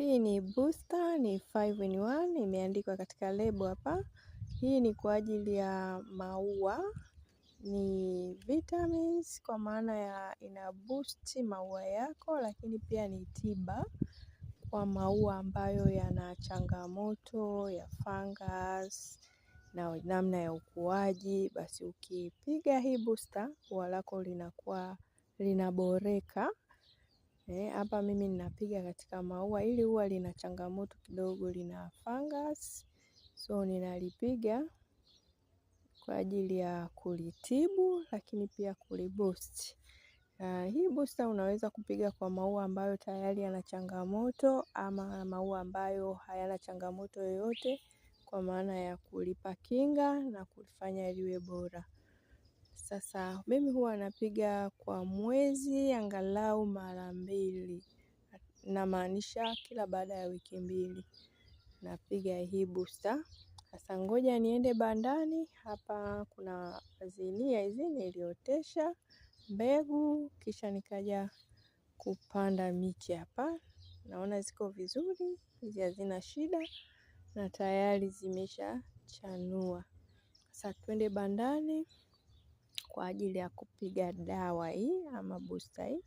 Hii ni booster ni 5 in 1 imeandikwa katika lebo hapa. Hii ni kwa ajili ya maua, ni vitamins kwa maana ya ina boost maua yako, lakini pia ni tiba kwa maua ambayo yana changamoto ya fungus na namna ya ukuaji. Basi ukipiga hii booster, ua lako linakuwa linaboreka. Eh, hapa e, mimi ninapiga katika maua. ili huwa lina changamoto kidogo, lina fungus, so ninalipiga kwa ajili ya kulitibu, lakini pia kuliboost. Na hii booster unaweza kupiga kwa maua ambayo tayari yana changamoto ama maua ambayo hayana changamoto yoyote, kwa maana ya kulipa kinga na kulifanya liwe bora. Sasa mimi huwa napiga kwa mwezi angalau mara mbili, namaanisha kila baada ya wiki mbili napiga hii booster. Sasa ngoja niende bandani, hapa kuna zinia hizi niliotesha mbegu, kisha nikaja kupanda miche hapa. Naona ziko vizuri, hizi hazina shida na tayari zimesha chanua. Sasa twende bandani kwa ajili ya kupiga dawa hii ama booster hii.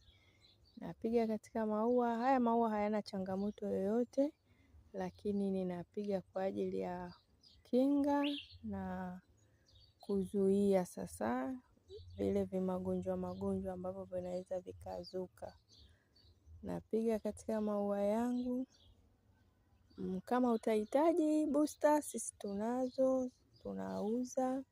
Napiga katika maua haya, maua hayana changamoto yoyote, lakini ninapiga kwa ajili ya kinga na kuzuia sasa vile vimagonjwa magonjwa ambavyo vinaweza vikazuka. Napiga katika maua yangu. Mm, kama utahitaji booster, sisi tunazo, tunauza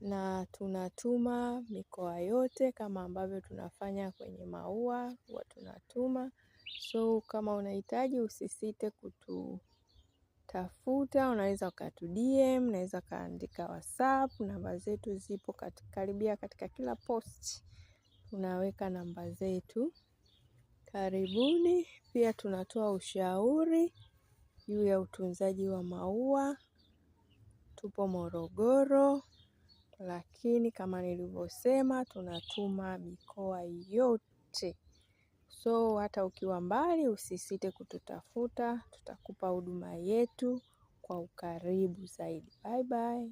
na tunatuma mikoa yote kama ambavyo tunafanya kwenye maua huwa tunatuma. So kama unahitaji usisite kututafuta, unaweza ukatu DM, unaweza ukaandika WhatsApp. Namba zetu zipo karibia katika kila post tunaweka namba zetu. Karibuni. Pia tunatoa ushauri juu ya utunzaji wa maua. Tupo Morogoro lakini kama nilivyosema, tunatuma mikoa yote. So hata ukiwa mbali, usisite kututafuta, tutakupa huduma yetu kwa ukaribu zaidi. Bye bye.